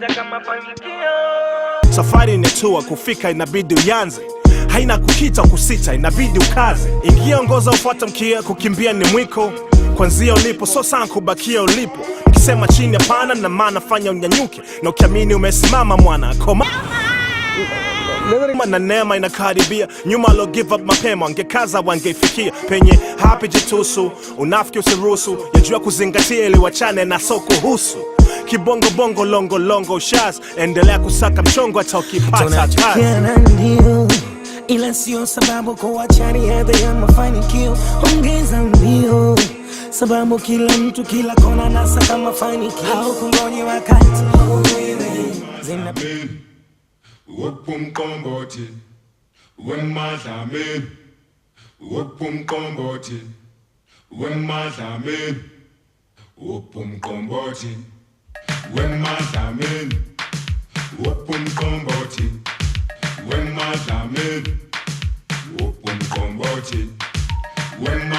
unataka mafanikio. Safari inetua kufika, inabidi uyanze haina kukita kusita, inabidi ukaze. Ingia ongoza, ufuata mkia, kukimbia ni mwiko. Kwanzia ulipo so sana kubakia ulipo. Ukisema chini hapana, na maana fanya unyanyuke, na ukiamini umesimama mwana koma na neema inakaribia. Nyuma alo give up mapema, wangekaza wangeifikia. Penye hapi jitusu, unafiki usiruhusu, yajua kuzingatia ili wachane na so husu kibongo bongo longo longo shas, endelea kusaka mchongo hata ukipata ila sio sababu kuacha riadha ya mafanikio, ongeza mbio, sababu kila mtu kila kona nasaka mafanikio, au kungoje wakati upo mkongoti wemadlame, upo mkongoti wemadlame, upo mkongoti When my diamond open combote. When my in, open combote. When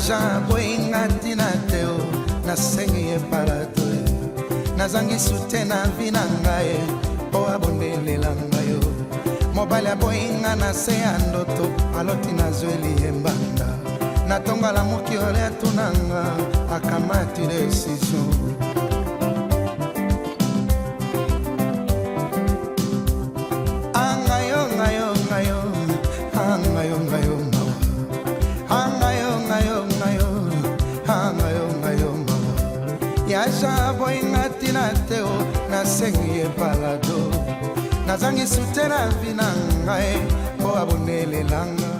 jean boyinga ntina te o nasengi epala to nazangi sute na vi na ngai mpo abondelela ngai o mobali aboyinga na se ya ndoto aloti nazweli ye mbanda natongala moki ole atunanga akamati desizio nazangisu tena vina ngai mpo eh, abonelelanga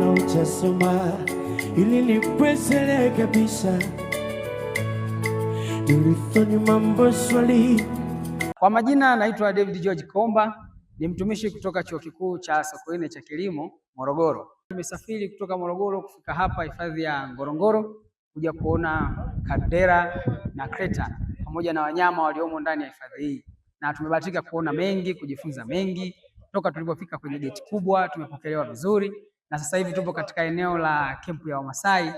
na uchasoma ili kabisa nilithoni mambo swali. Kwa majina naitwa David George Komba, ni mtumishi kutoka Chuo Kikuu cha Sokoine cha Kilimo Morogoro. Tumesafiri kutoka Morogoro kufika hapa hifadhi ya Ngorongoro kuja kuona kaldera na kreta pamoja na wanyama waliomo ndani ya hifadhi hii na tumebahatika kuona mengi, kujifunza mengi toka tulipofika kwenye geti kubwa. Tumepokelewa vizuri, na sasa hivi tupo katika eneo la kempu ya Wamasai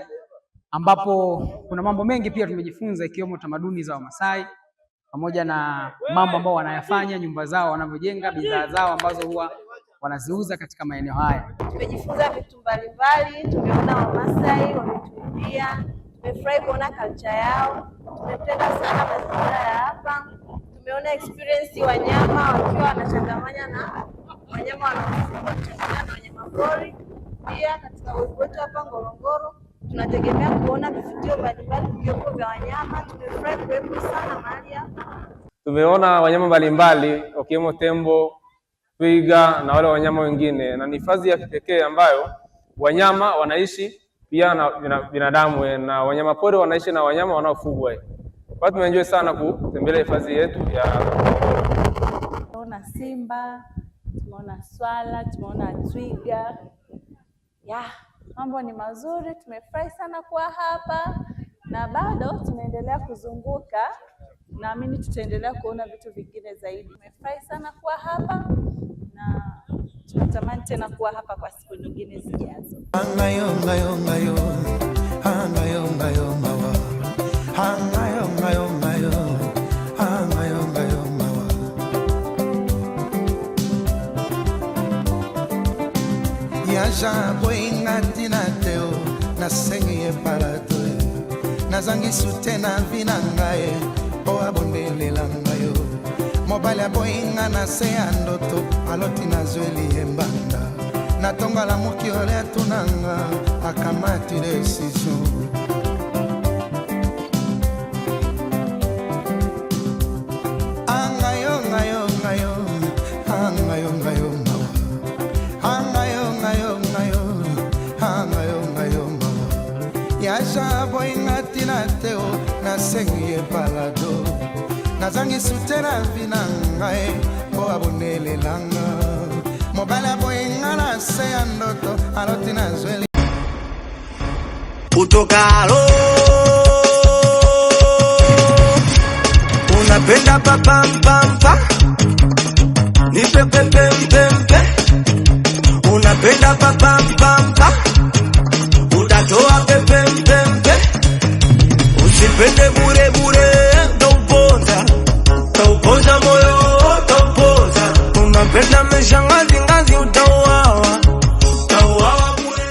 ambapo kuna mambo mengi pia tumejifunza, ikiwemo tamaduni za Wamasai pamoja na mambo ambao wanayafanya, nyumba zao wanavyojenga, bidhaa zao ambazo huwa wanaziuza katika maeneo haya. Tumejifunza vitu mbalimbali, tumeona Wamasai wametulia, tumefurahi kuona kalcha yao, tumependa sana mazingira ya hapa tumeona experience wanyama wakiwa wanachangamanya na wanyama wanachangamana na wanyama pori. Pia katika uwepo wetu hapa Ngorongoro tunategemea kuona vivutio mbalimbali vikiwepo vya wanyama. Tumefurahi kuwepo sana mahali hapa, tumeona wanyama mbalimbali wakiwemo tembo, twiga na wale wanyama wengine, na ni hifadhi ya kipekee ambayo wanyama wanaishi pia na binadamu na wanyama pori wanaishi na wanyama wanaofugwa. Kwa tumeenjoy sana kutembelea hifadhi yetu ya tumeona simba, tumeona swala, tumeona twiga. Ya, mambo ni mazuri, tumefurahi sana kuwa hapa na bado tunaendelea kuzunguka. Naamini tutaendelea kuona vitu vingine zaidi. Tumefurahi sana kuwa hapa na tunatamani tena kuwa hapa kwa siku nyingine zijazo. argent boyinga ntina te o nasengi epala to e. nazangi sute na vi na ngai mpo abondelela ngai o mobali aboyinga na se ya ndoto aloti nazweli embanda natongala moki ole atunanga akamati desizio boyinga ntina te o nasengi epalado nazangi sute na vi na ngai mpo abonelelanga mobali aboyinga na se ya ndoto aloti nazweli putokalo unapenda papampampa nipepepempempe unapenda papampa Twende bure bure, tauponza tauponza moyo tauponza, unapenda maisha ngazi utauawa utauawa bure.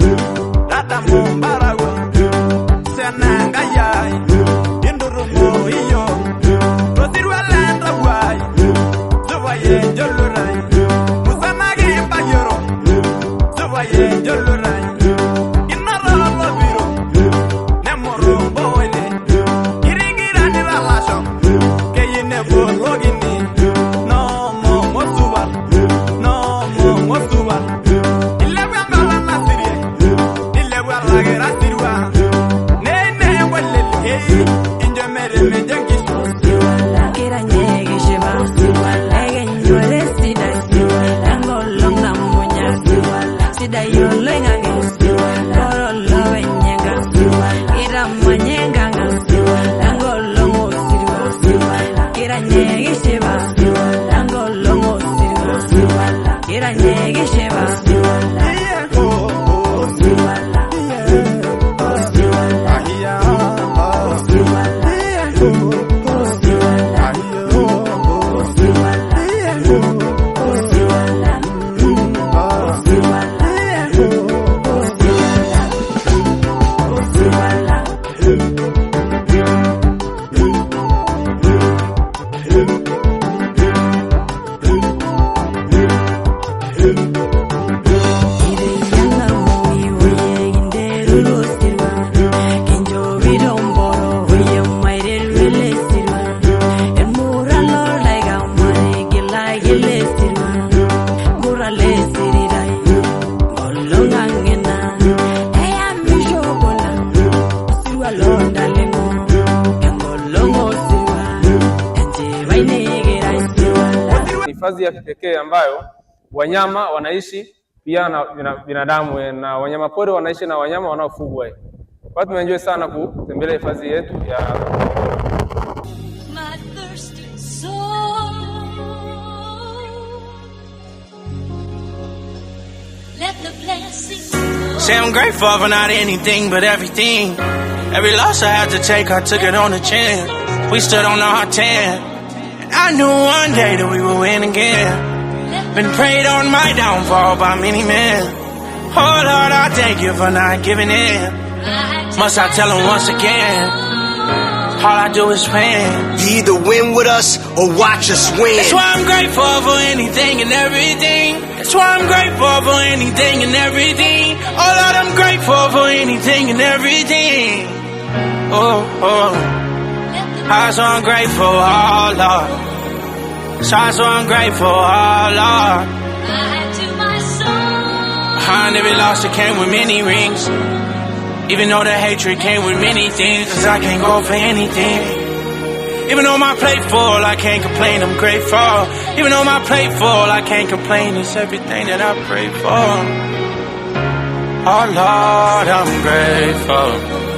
Yeah. Yeah. me den makazi ya kipekee ambayo wanyama wanaishi pia na binadamu eh, na wanyama pori wanaishi na wanyama wanaofugwa. Kwa tumeenjoy sana kutembelea hifadhi yetu ya Say I'm grateful for not anything but everything. Every loss I had to take, I took it on the chin. We stood on our 10. I knew one day that we would win again. Been prayed on my downfall by many men. Oh Lord, I thank you for not giving in. Must I tell him once again? All I do is win. either win with us or watch us win. That's why I'm grateful for anything and everything. That's why I'm grateful for anything and everything. Oh Lord, I'm grateful for anything and everything. Oh, oh. I'm so ungrateful, oh Lord. I'm so ungrateful, oh Lord. Behind every loss, it came with many rings. Even though the hatred came with many things, cause I can't go for anything. Even though my plate full, I can't complain, I'm grateful. Even though my plate full, I can't complain, it's everything that I pray for. Oh Lord, I'm grateful.